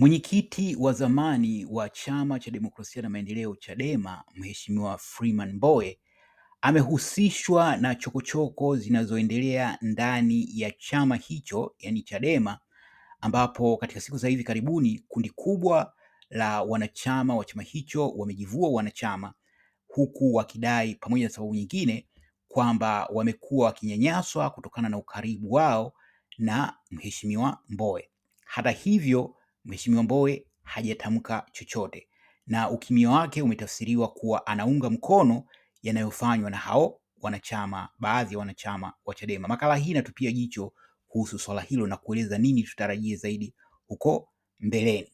Mwenyekiti wa zamani wa Chama cha Demokrasia na Maendeleo Chadema, Mheshimiwa Freeman Mbowe amehusishwa na chokochoko zinazoendelea ndani ya chama hicho, yani Chadema, ambapo katika siku za hivi karibuni kundi kubwa la wanachama wa chama hicho wamejivua wanachama, huku wakidai pamoja na sababu nyingine kwamba wamekuwa wakinyanyaswa kutokana na ukaribu wao na Mheshimiwa Mbowe. Hata hivyo Mheshimiwa Mbowe hajatamka chochote na ukimya wake umetafsiriwa kuwa anaunga mkono yanayofanywa na hao wanachama, baadhi ya wanachama wa Chadema. Makala hii inatupia jicho kuhusu swala hilo na kueleza nini tutarajie zaidi huko mbeleni.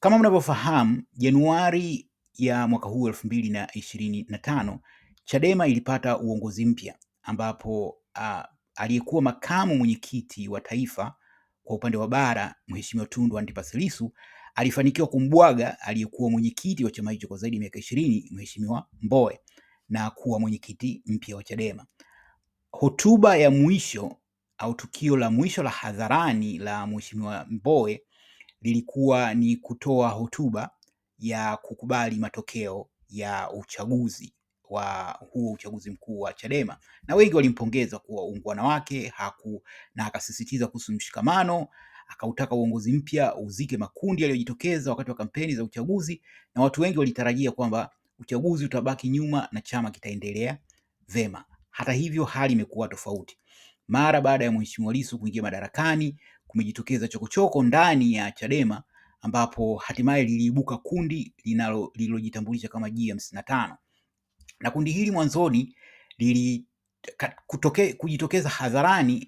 Kama mnavyofahamu, Januari ya mwaka huu elfu mbili na ishirini na tano Chadema ilipata uongozi mpya ambapo uh, aliyekuwa makamu mwenyekiti wa taifa kwa upande wa bara, Mheshimiwa Tundu Antipas Lissu alifanikiwa kumbwaga aliyekuwa mwenyekiti wa chama hicho kwa zaidi ya miaka ishirini, Mheshimiwa Mbowe na kuwa mwenyekiti mpya wa Chadema. Hotuba ya mwisho au tukio la mwisho la hadharani la Mheshimiwa Mbowe lilikuwa ni kutoa hotuba ya kukubali matokeo ya uchaguzi wa huu uchaguzi mkuu wa Chadema, na wengi walimpongeza kuwa uungwana wake haku, na akasisitiza kuhusu mshikamano. Akautaka uongozi mpya uzike makundi yaliyojitokeza wakati wa kampeni za uchaguzi, na watu wengi walitarajia kwamba uchaguzi utabaki nyuma na chama kitaendelea vema. Hata hivyo, hali imekuwa tofauti. Mara baada ya Mheshimiwa Lissu kuingia madarakani, kumejitokeza chokochoko ndani ya Chadema ambapo hatimaye liliibuka kundi linalojitambulisha kama G tano na kundi hili mwanzoni lili kutoke, kujitokeza hadharani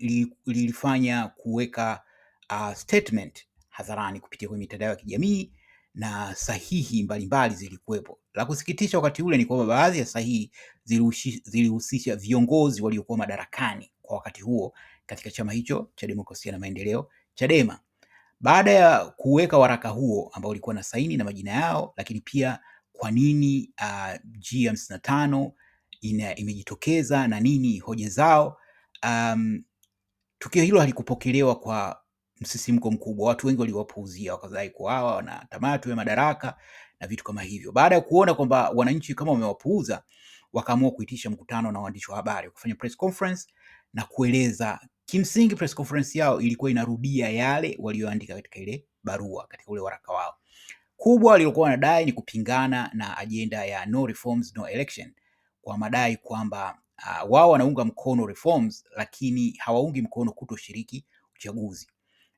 lilifanya kuweka uh, statement hadharani kupitia kwenye mitandao ya kijamii na sahihi mbalimbali zilikuwepo. La kusikitisha wakati ule ni kwamba baadhi ya sahihi zilihusisha viongozi waliokuwa madarakani kwa wakati huo katika chama hicho cha Demokrasia na Maendeleo Chadema. Baada ya kuweka waraka huo ambao ulikuwa na saini na majina yao, lakini pia kwa nini uh, ah, G55 imejitokeza na nini hoja zao. Um, tukio hilo halikupokelewa kwa msisimko mkubwa. Watu wengi waliwapuuzia, wakadai kuwa hawa tamaa tu ya madaraka na vitu kama hivyo. Baada ya kuona kwamba wananchi kama wamewapuuza, wakaamua kuitisha mkutano na waandishi wa habari, kufanya press conference na kueleza. Kimsingi press conference yao ilikuwa inarudia yale walioandika katika ile barua, katika ule waraka wao kubwa walilokuwa wanadai ni kupingana na ajenda ya no reforms no election, kwa madai kwamba uh, wao wanaunga mkono reforms, lakini hawaungi mkono kutoshiriki uchaguzi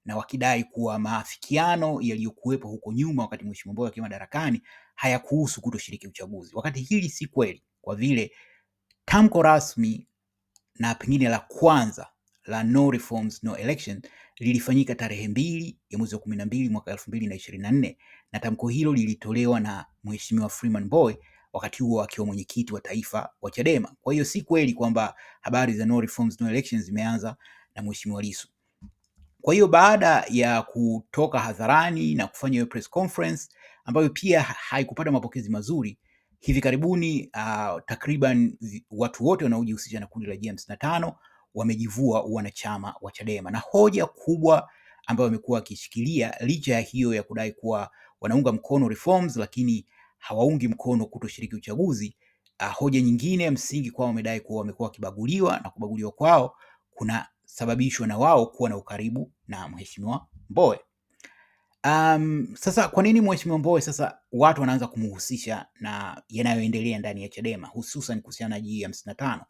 na wakidai kuwa maafikiano yaliyokuwepo huko nyuma wakati Mheshimiwa Mbowe akiwa madarakani hayakuhusu kutoshiriki uchaguzi, wakati hili si kweli, kwa vile tamko rasmi na pengine la kwanza la no reforms no election lilifanyika tarehe mbili ya mwezi wa kumi na mbili mwaka elfu mbili na ishirini na nne na tamko hilo lilitolewa na Mheshimiwa Freeman Boy wakati huo akiwa mwenyekiti wa taifa wa Chadema. Kwa hiyo si kweli kwamba habari za no reforms no elections zimeanza na Mheshimiwa Lissu. Kwa hiyo baada ya kutoka hadharani na kufanya hiyo press conference ambayo pia haikupata mapokezi mazuri, hivi karibuni uh, takriban watu wote wanaojihusisha na kundi la G55 wamejivua wanachama wa Chadema, na hoja kubwa ambayo wamekuwa wakishikilia licha ya hiyo ya kudai kuwa wanaunga mkono reforms, lakini hawaungi mkono kutoshiriki uchaguzi. Uh, hoja nyingine ya msingi kwao wamedai kuwa wamekuwa wakibaguliwa na kubaguliwa kwao kunasababishwa na wao kuwa na ukaribu na Mheshimiwa Mbowe. Um, sasa kwa nini Mheshimiwa Mbowe sasa watu wanaanza kumhusisha na yanayoendelea ndani ya Chadema hususan kuhusiana na G55? E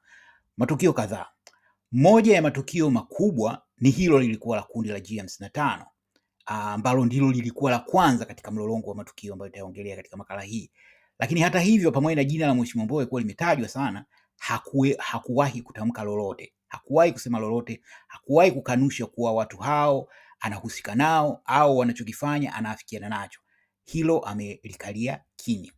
Matukio kadhaa moja ya matukio makubwa ni hilo lilikuwa la kundi la G55 ah, ambalo ndilo lilikuwa la kwanza katika mlolongo wa matukio ambayo itaongelea katika makala hii. Lakini hata hivyo, pamoja na jina la Mheshimiwa Mbowe kuwa limetajwa sana, hakuwe, hakuwahi kutamka lolote, hakuwahi kusema lolote, hakuwahi kukanusha kuwa watu hao anahusika nao au wanachokifanya anaafikiana nacho. Hilo amelikalia kimya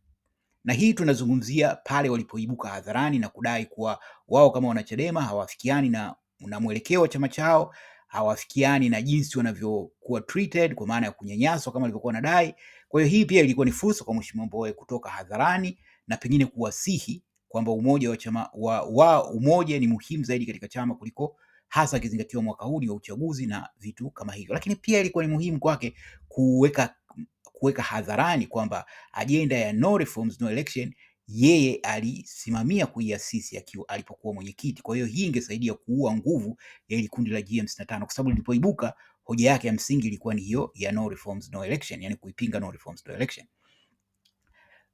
na hii tunazungumzia pale walipoibuka hadharani na kudai kuwa wao kama wanachadema hawafikiani na, na mwelekeo wa chama chao hawafikiani na jinsi wanavyokuwa treated kwa maana ya kunyanyaswa kama walivyokuwa wanadai. Kwa hiyo hii pia ilikuwa ni fursa kwa Mheshimiwa Mbowe kutoka hadharani na pengine kuwasihi kwamba umoja wa chama wa, wa umoja ni muhimu zaidi katika chama kuliko hasa akizingatiwa mwaka huu ni wa uchaguzi na vitu kama hivyo, lakini pia ilikuwa ni muhimu kwake kuweka kuweka hadharani kwamba ajenda ya no reforms no election yeye alisimamia kuiasisi akiwa alipokuwa mwenyekiti. Kwa hiyo hii ingesaidia kuua nguvu ya ile kundi la G55 kwa sababu lilipoibuka hoja yake ya msingi ilikuwa ni hiyo ya no reforms no election, yani kuipinga no reforms no election.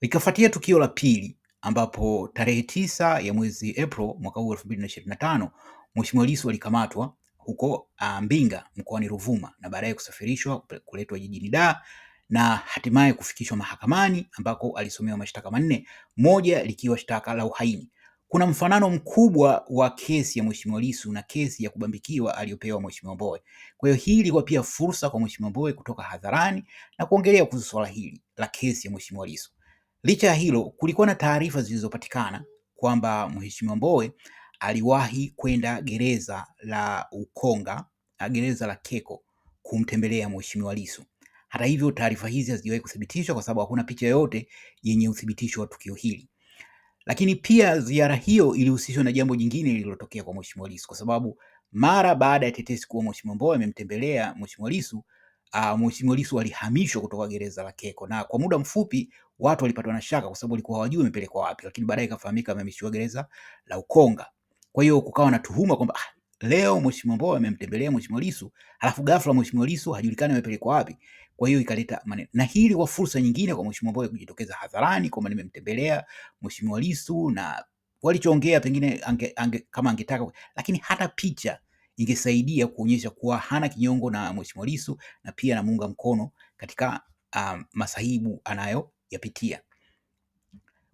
Likafuatia tukio la pili ambapo tarehe tisa ya mwezi April mwaka huu 2025 Mheshimiwa Lissu alikamatwa huko ah, Mbinga mkoani Ruvuma na baadaye kusafirishwa kuletwa jijini Dar na hatimaye kufikishwa mahakamani ambako alisomewa mashtaka manne, moja likiwa shtaka la uhaini. Kuna mfanano mkubwa wa kesi ya Mheshimiwa Lissu na kesi ya kubambikiwa aliyopewa Mheshimiwa Mbowe. Kwa hiyo hii ilikuwa pia fursa kwa Mheshimiwa Mbowe kutoka hadharani na kuongelea kuhusu swala hili la kesi ya Mheshimiwa Lissu. Licha ya hilo, kulikuwa na taarifa zilizopatikana kwamba Mheshimiwa Mbowe aliwahi kwenda gereza la Ukonga, na gereza la Keko kumtembelea Mheshimiwa Lissu. Hata hivyo, taarifa hizi hazijawahi kuthibitishwa kwa sababu hakuna picha yoyote yenye uthibitisho wa tukio hili. Lakini pia ziara hiyo ilihusishwa na jambo jingine lililotokea kwa Mheshimiwa Lissu, kwa sababu mara baada ya tetesi kuwa Mheshimiwa Mbowe amemtembelea Mheshimiwa Lissu, uh, Mheshimiwa Lissu alihamishwa kutoka gereza la Keko, na kwa muda mfupi watu walipatwa na shaka kwa sababu walikuwa hawajui amepelekwa wapi, lakini baadaye ikafahamika amehamishiwa gereza la Ukonga. Kwa hiyo kukawa na tuhuma kwamba ah, Leo Mheshimiwa Mbowe amemtembelea Mheshimiwa Lissu, alafu ghafla Mheshimiwa Lissu hajulikani amepelekwa wapi. Kwa hiyo ikaleta maneno, na hili wa fursa nyingine kwa Mheshimiwa Mbowe kujitokeza hadharani kwamba nimemtembelea Mheshimiwa Lissu, na walichoongea pengine ange, ange, kama angetaka, lakini hata picha ingesaidia kuonyesha kuwa hana kinyongo na Mheshimiwa Lissu na pia anamuunga mkono katika um, masahibu anayoyapitia.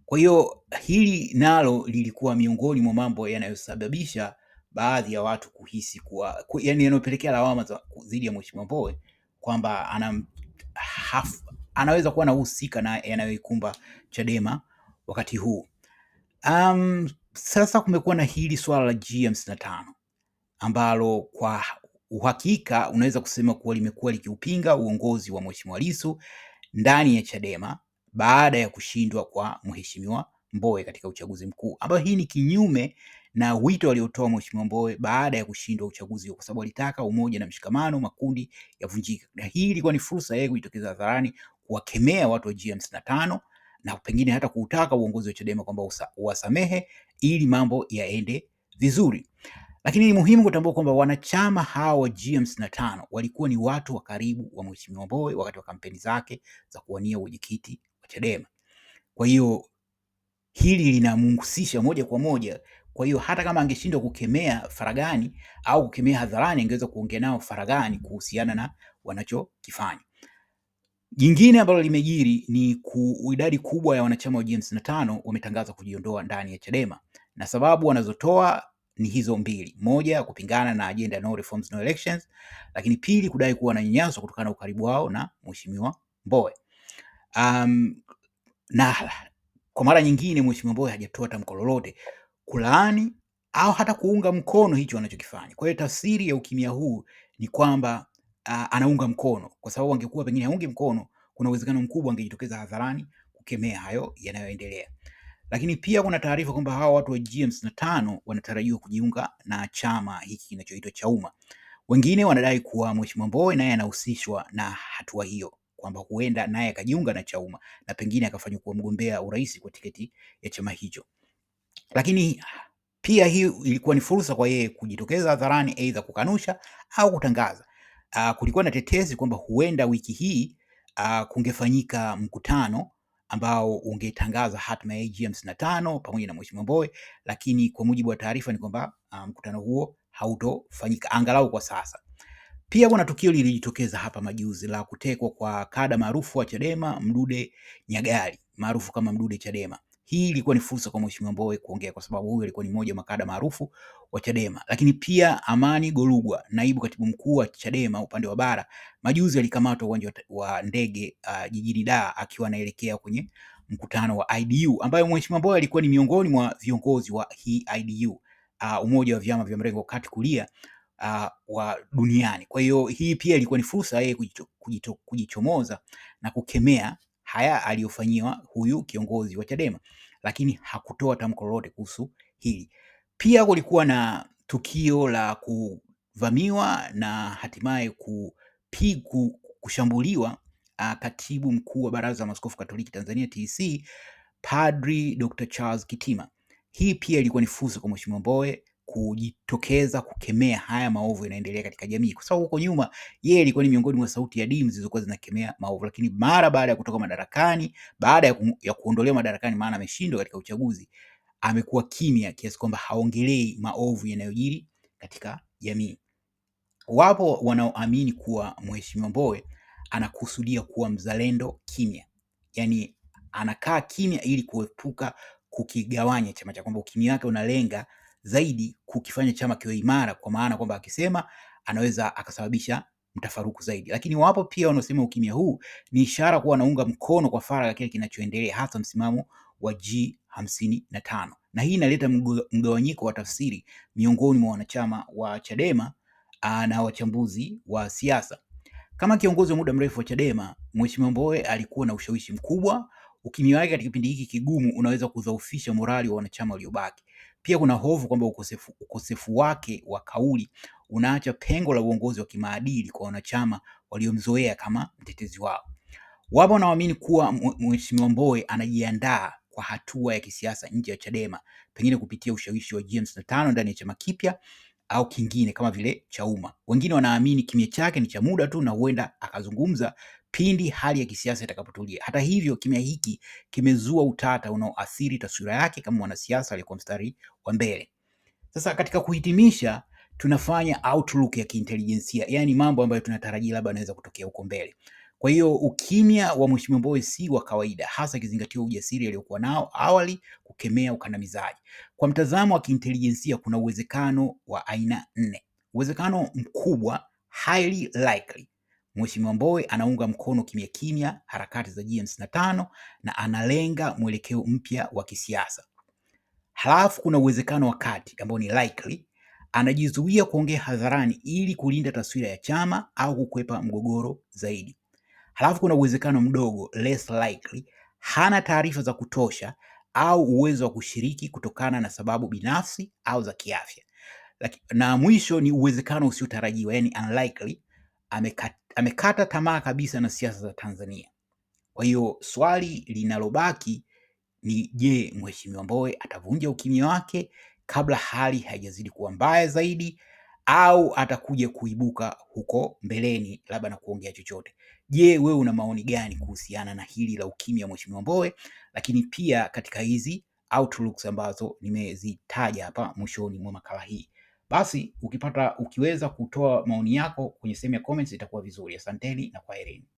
Kwa hiyo hili nalo lilikuwa miongoni mwa mambo yanayosababisha baadhi ya watu kuhisi kuwa ku, yani yanayopelekea lawama dhidi ya Mheshimiwa Mbowe kwamba ana, anaweza kuwa na uhusika na yanayoikumba Chadema wakati huu. Um, sasa kumekuwa na hili swala la g tano ambalo kwa uhakika unaweza kusema kuwa limekuwa likiupinga uongozi wa Mheshimiwa Lissu ndani ya Chadema baada ya kushindwa kwa Mheshimiwa Mbowe katika uchaguzi mkuu, ambayo hii ni kinyume na wito aliotoa Mheshimiwa Mbowe baada ya kushindwa uchaguzi huo, kwa sababu alitaka umoja na mshikamano, makundi yavunjike, na hii ilikuwa ni fursa yeye kujitokeza hadharani kuwakemea watu wa G55 na pengine hata kuutaka uongozi wa Chadema kwamba uwasamehe ili mambo yaende vizuri. Lakini ni muhimu kutambua kwamba wanachama hao wa G55 walikuwa ni watu wa karibu wa Mheshimiwa Mbowe wakati wa kampeni zake za kuwania wenyekiti wa Chadema. Kwa hiyo hili linamhusisha moja kwa moja kwa hiyo hata kama angeshindwa kukemea faragani au kukemea hadharani, angeweza kuongea nao faragani kuhusiana na wanachokifanya. Jingine ambalo limejiri ni ku, idadi kubwa ya wanachama wa G55 wametangaza kujiondoa ndani ya Chadema na sababu wanazotoa ni hizo mbili: moja, kupingana na ajenda no reforms no elections, lakini pili, kudai kuwa wananyanyaswa kutokana na ukaribu wao na Mheshimiwa Mbowe. Um, na kwa mara nyingine Mheshimiwa Mbowe hajatoa tamko lolote kulaani au hata kuunga mkono hicho anachokifanya. Kwa hiyo tafsiri ya ukimya huu ni kwamba uh, anaunga mkono, kwa sababu angekuwa pengine haungi mkono, kuna uwezekano mkubwa angejitokeza hadharani kukemea hayo yanayoendelea. Lakini pia kuna taarifa kwamba hawa watu wa G55 wanatarajiwa kujiunga na chama hiki kinachoitwa Chauma. Wengine wanadai kuwa Mheshimiwa Mbowe naye anahusishwa na hatua hiyo kwamba huenda naye akajiunga na Chauma na pengine akafanywa kuwa mgombea urais kwa tiketi ya chama hicho. Lakini pia hii ilikuwa ni fursa kwa yeye kujitokeza hadharani, aidha kukanusha au kutangaza. Uh, kulikuwa na tetezi kwamba huenda wiki hii uh, kungefanyika mkutano ambao ungetangaza hatma ya AGM 55 pamoja na Mheshimiwa Mbowe, lakini kwa mujibu wa taarifa ni kwamba uh, mkutano huo hautofanyika angalau kwa sasa. Pia kuna tukio lilijitokeza hapa majuzi la kutekwa kwa kada maarufu wa Chadema Mdude Nyagali maarufu kama Mdude Chadema. Hii ilikuwa ni fursa kwa Mheshimiwa Mbowe kuongea kwa sababu huyu alikuwa ni mmoja wa makada maarufu wa Chadema. Lakini pia Amani Golugwa, naibu katibu mkuu wa Chadema upande wa bara, majuzi alikamatwa uwanja wa ndege uh, jijini Dar akiwa anaelekea kwenye mkutano wa IDU ambayo Mheshimiwa Mbowe alikuwa ni miongoni mwa viongozi wa hii IDU, uh, umoja wa vyama vya mrengo kati kulia Uh, wa duniani. Kwa hiyo hii pia ilikuwa ni fursa yeye kujichomoza na kukemea haya aliyofanyiwa huyu kiongozi wa Chadema, lakini hakutoa tamko lolote kuhusu hili. Pia kulikuwa na tukio la kuvamiwa na hatimaye kupigu, kushambuliwa ah, katibu mkuu wa Baraza la Maaskofu Katoliki Tanzania TC Padri Dr. Charles Kitima. Hii pia ilikuwa ni fursa kwa Mheshimiwa Mbowe kujitokeza kukemea haya maovu yanaendelea katika jamii, kwa sababu huko nyuma yeye alikuwa ni miongoni mwa sauti ya dimu zilizokuwa zinakemea maovu, lakini mara baada ya kutoka madarakani, baada ya, kuondolewa madarakani, maana ameshindwa katika uchaguzi, amekuwa kimya kiasi kwamba haongelei maovu yanayojiri katika jamii. Wapo wanaoamini kuwa Mheshimiwa Mbowe anakusudia kuwa mzalendo kimya, yani anakaa kimya ili kuepuka kukigawanya chama cha kwamba ukimya wake unalenga zaidi kukifanya chama kiwe imara, kwa maana kwamba akisema anaweza akasababisha mtafaruku zaidi. Lakini wapo pia wanaosema ukimya huu ni ishara kuwa wanaunga mkono kwa faragha kile kinachoendelea, hasa msimamo wa G55, na hii inaleta mgawanyiko wa tafsiri miongoni mwa wanachama wa Chadema na wachambuzi wa siasa. Kama kiongozi wa muda mrefu wa Chadema, Mheshimiwa Mbowe alikuwa na ushawishi mkubwa Ukimya wake katika kipindi hiki kigumu unaweza kudhoofisha morali wa wanachama waliobaki. Pia kuna hofu kwamba ukosefu, ukosefu wake wa kauli unaacha pengo la uongozi wa kimaadili kwa wanachama waliomzoea kama mtetezi wao. Wapo wanaoamini kuwa Mheshimiwa Mbowe anajiandaa kwa hatua ya kisiasa nje ya Chadema, pengine kupitia ushawishi wa G55 ndani ya chama kipya au kingine kama vile Chauma. Wengine wanaamini kimya chake ni cha muda tu na huenda akazungumza pindi hali ya kisiasa itakapotulia. Hata hivyo, kimya hiki kimezua utata unaoathiri taswira yake kama mwanasiasa aliyekuwa mstari wa mbele. Sasa katika kuhitimisha, tunafanya outlook ya kiintelijensia, yaani mambo ambayo tunatarajia labda anaweza kutokea huko mbele. Kwa hiyo ukimya wa Mheshimiwa Mbowe si wa kawaida, hasa ikizingatiwa ujasiri aliyokuwa nao awali kukemea ukandamizaji. Kwa mtazamo wa kiintelijensia, kuna uwezekano wa aina nne. Uwezekano mkubwa highly likely Mheshimiwa Mbowe anaunga mkono kimya kimya harakati za G55 na analenga mwelekeo mpya wa kisiasa. Halafu kuna uwezekano wa kati ambao ni likely, anajizuia kuongea hadharani ili kulinda taswira ya chama au kukwepa mgogoro zaidi. Halafu kuna uwezekano mdogo, less likely, hana taarifa za kutosha au uwezo wa kushiriki kutokana na sababu binafsi au za kiafya. Na mwisho ni uwezekano usiotarajiwa, yani unlikely amekata, amekata tamaa kabisa na siasa za Tanzania. Kwa hiyo swali linalobaki ni je, Mheshimiwa Mbowe atavunja ukimya wake kabla hali haijazidi kuwa mbaya zaidi au atakuja kuibuka huko mbeleni labda na kuongea chochote. Je, wewe una maoni gani kuhusiana na hili la ukimya wa Mheshimiwa Mbowe, lakini pia katika hizi outlooks ambazo nimezitaja hapa mwishoni mwa makala hii. Basi ukipata ukiweza kutoa maoni yako kwenye sehemu ya comments itakuwa vizuri. Asanteni na kwaherini.